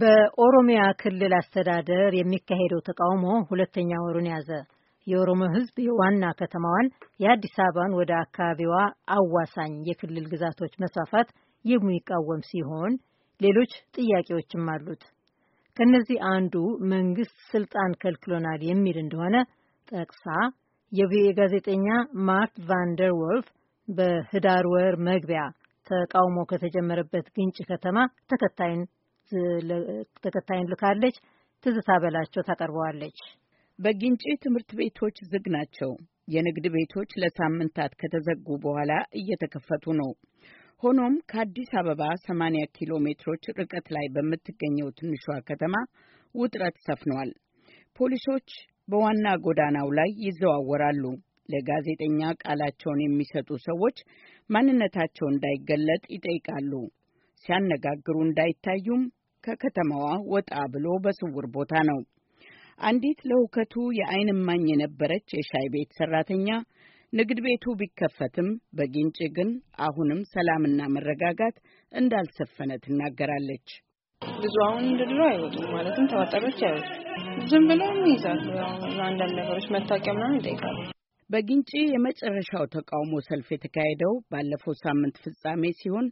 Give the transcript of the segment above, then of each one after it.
በኦሮሚያ ክልል አስተዳደር የሚካሄደው ተቃውሞ ሁለተኛ ወሩን ያዘ። የኦሮሞ ሕዝብ የዋና ከተማዋን የአዲስ አበባን ወደ አካባቢዋ አዋሳኝ የክልል ግዛቶች መስፋፋት የሚቃወም ሲሆን ሌሎች ጥያቄዎችም አሉት። ከነዚህ አንዱ መንግስት ስልጣን ከልክሎናል የሚል እንደሆነ ጠቅሳ የቪኦኤ ጋዜጠኛ ማርት ቫንደር ወልፍ በህዳር ወር መግቢያ ተቃውሞ ከተጀመረበት ግንጭ ከተማ ተከታይን ልካለች። ትዝታ በላቸው ታቀርበዋለች። በግንጭ ትምህርት ቤቶች ዝግ ናቸው። የንግድ ቤቶች ለሳምንታት ከተዘጉ በኋላ እየተከፈቱ ነው። ሆኖም ከአዲስ አበባ 80 ኪሎ ሜትሮች ርቀት ላይ በምትገኘው ትንሿ ከተማ ውጥረት ሰፍኗል። ፖሊሶች በዋና ጎዳናው ላይ ይዘዋወራሉ። ለጋዜጠኛ ቃላቸውን የሚሰጡ ሰዎች ማንነታቸው እንዳይገለጥ ይጠይቃሉ። ሲያነጋግሩ እንዳይታዩም ከከተማዋ ወጣ ብሎ በስውር ቦታ ነው። አንዲት ለውከቱ የአይንማኝ እማኝ የነበረች የሻይ ቤት ሰራተኛ ንግድ ቤቱ ቢከፈትም በጊንጪ ግን አሁንም ሰላምና መረጋጋት እንዳልሰፈነ ትናገራለች። ብዙ አሁን እንድሎ አይወጡም ማለትም ተዋጣሪዎች አይወጡም። ዝም ብሎ ይይዛሉ። አንዳንድ ነገሮች መታወቂያ ምናምን ይጠይቃሉ። በግንጪ የመጨረሻው ተቃውሞ ሰልፍ የተካሄደው ባለፈው ሳምንት ፍጻሜ ሲሆን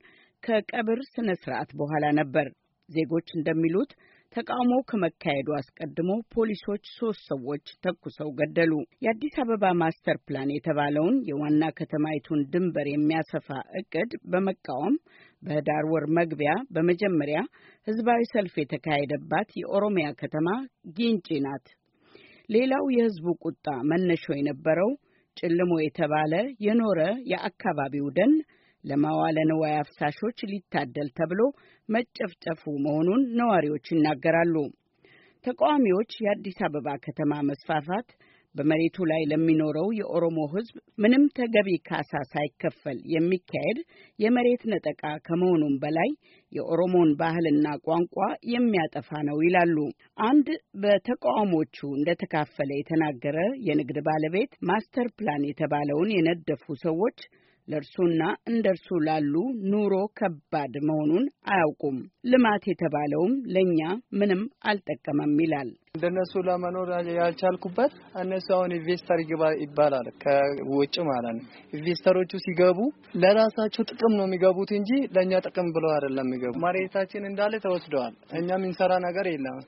ከቀብር ስነ ስርዓት በኋላ ነበር። ዜጎች እንደሚሉት ተቃውሞው ከመካሄዱ አስቀድሞ ፖሊሶች ሶስት ሰዎች ተኩሰው ገደሉ። የአዲስ አበባ ማስተር ፕላን የተባለውን የዋና ከተማይቱን ድንበር የሚያሰፋ እቅድ በመቃወም በህዳር ወር መግቢያ በመጀመሪያ ህዝባዊ ሰልፍ የተካሄደባት የኦሮሚያ ከተማ ጊንጪ ናት። ሌላው የህዝቡ ቁጣ መነሻው የነበረው ጭልሞ የተባለ የኖረ የአካባቢው ደን ለማዋለ ንዋይ አፍሳሾች ሊታደል ተብሎ መጨፍጨፉ መሆኑን ነዋሪዎች ይናገራሉ። ተቃዋሚዎች የአዲስ አበባ ከተማ መስፋፋት በመሬቱ ላይ ለሚኖረው የኦሮሞ ሕዝብ ምንም ተገቢ ካሳ ሳይከፈል የሚካሄድ የመሬት ነጠቃ ከመሆኑም በላይ የኦሮሞን ባህልና ቋንቋ የሚያጠፋ ነው ይላሉ። አንድ በተቃውሞቹ እንደተካፈለ የተናገረ የንግድ ባለቤት ማስተር ፕላን የተባለውን የነደፉ ሰዎች ለእርሱና እንደ እርሱ ላሉ ኑሮ ከባድ መሆኑን አያውቁም። ልማት የተባለውም ለእኛ ምንም አልጠቀመም ይላል። እንደነሱ ለመኖር ያልቻልኩበት እነሱ አሁን ኢንቨስተር ይባላል ከውጭ ማለት ነው። ኢንቨስተሮቹ ሲገቡ ለራሳቸው ጥቅም ነው የሚገቡት እንጂ ለእኛ ጥቅም ብለው አይደለም የሚገቡ። መሬታችን እንዳለ ተወስደዋል። እኛ የምንሰራ ነገር የለም።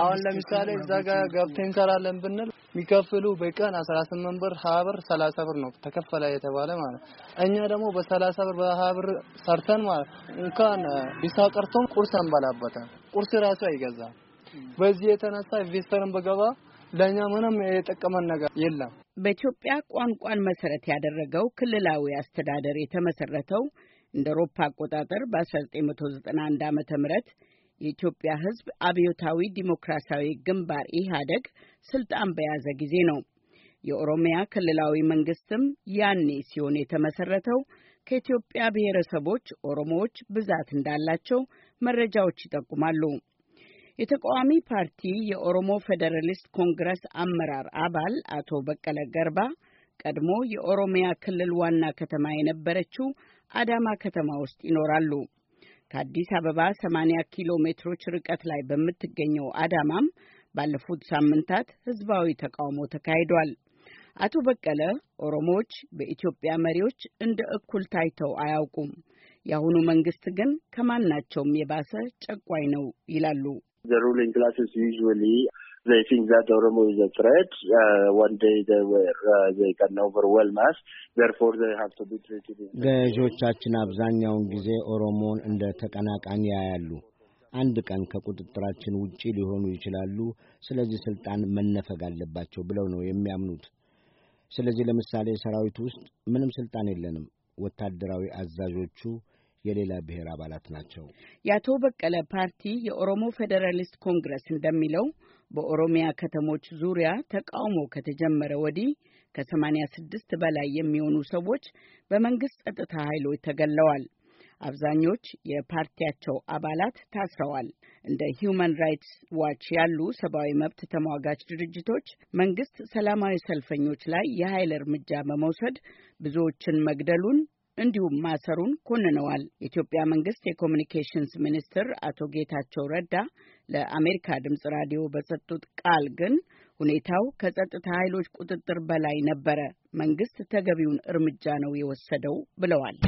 አሁን ለምሳሌ እዛ ጋር ገብተን እንሰራለን ብንል የሚከፍሉ በቀን 18 ብር፣ 20 ብር፣ 30 ብር ነው ተከፈለ የተባለ ማለት እኛ ደግሞ በ30 ብር በ20 ብር ሰርተን ማለት እንኳን ቢሳቀርቶም ቁርስ አንበላበታል። ቁርስ ራሱ አይገዛም። በዚህ የተነሳ ኢንቨስተርን በገባ ለእኛ ምንም የጠቀመን ነገር የለም። በኢትዮጵያ ቋንቋን መሰረት ያደረገው ክልላዊ አስተዳደር የተመሰረተው እንደ ሮፓ አቆጣጠር በ1991 ዓ ም የኢትዮጵያ ሕዝብ አብዮታዊ ዲሞክራሲያዊ ግንባር ኢህአደግ ስልጣን በያዘ ጊዜ ነው። የኦሮሚያ ክልላዊ መንግስትም ያኔ ሲሆን የተመሰረተው ከኢትዮጵያ ብሔረሰቦች ኦሮሞዎች ብዛት እንዳላቸው መረጃዎች ይጠቁማሉ። የተቃዋሚ ፓርቲ የኦሮሞ ፌዴራሊስት ኮንግረስ አመራር አባል አቶ በቀለ ገርባ ቀድሞ የኦሮሚያ ክልል ዋና ከተማ የነበረችው አዳማ ከተማ ውስጥ ይኖራሉ። ከአዲስ አበባ 80 ኪሎ ሜትሮች ርቀት ላይ በምትገኘው አዳማም ባለፉት ሳምንታት ህዝባዊ ተቃውሞ ተካሂዷል። አቶ በቀለ ኦሮሞዎች በኢትዮጵያ መሪዎች እንደ እኩል ታይተው አያውቁም፣ የአሁኑ መንግስት ግን ከማናቸውም የባሰ ጨቋኝ ነው ይላሉ። The ruling classes usually they think that Oromo is a threat. Uh, one day they were, uh, they can overwhelm us. Therefore they have to be treated. ገዢዎቻችን አብዛኛውን ጊዜ ኦሮሞን እንደ ተቀናቃኝ ያያሉ። አንድ ቀን ከቁጥጥራችን ውጪ ሊሆኑ ይችላሉ፣ ስለዚህ ስልጣን መነፈግ አለባቸው ብለው ነው የሚያምኑት። ስለዚህ ለምሳሌ ሰራዊት ውስጥ ምንም ስልጣን የለንም። ወታደራዊ አዛዦቹ የሌላ ብሔር አባላት ናቸው። የአቶ በቀለ ፓርቲ የኦሮሞ ፌዴራሊስት ኮንግረስ እንደሚለው በኦሮሚያ ከተሞች ዙሪያ ተቃውሞ ከተጀመረ ወዲህ ከ86 በላይ የሚሆኑ ሰዎች በመንግስት ጸጥታ ኃይሎች ተገለዋል። አብዛኞች የፓርቲያቸው አባላት ታስረዋል። እንደ ሂዩማን ራይትስ ዋች ያሉ ሰብአዊ መብት ተሟጋች ድርጅቶች መንግስት ሰላማዊ ሰልፈኞች ላይ የኃይል እርምጃ በመውሰድ ብዙዎችን መግደሉን እንዲሁም ማሰሩን ኮንነዋል። የኢትዮጵያ መንግስት የኮሚኒኬሽንስ ሚኒስትር አቶ ጌታቸው ረዳ ለአሜሪካ ድምጽ ራዲዮ በሰጡት ቃል ግን ሁኔታው ከጸጥታ ኃይሎች ቁጥጥር በላይ ነበረ፣ መንግስት ተገቢውን እርምጃ ነው የወሰደው ብለዋል።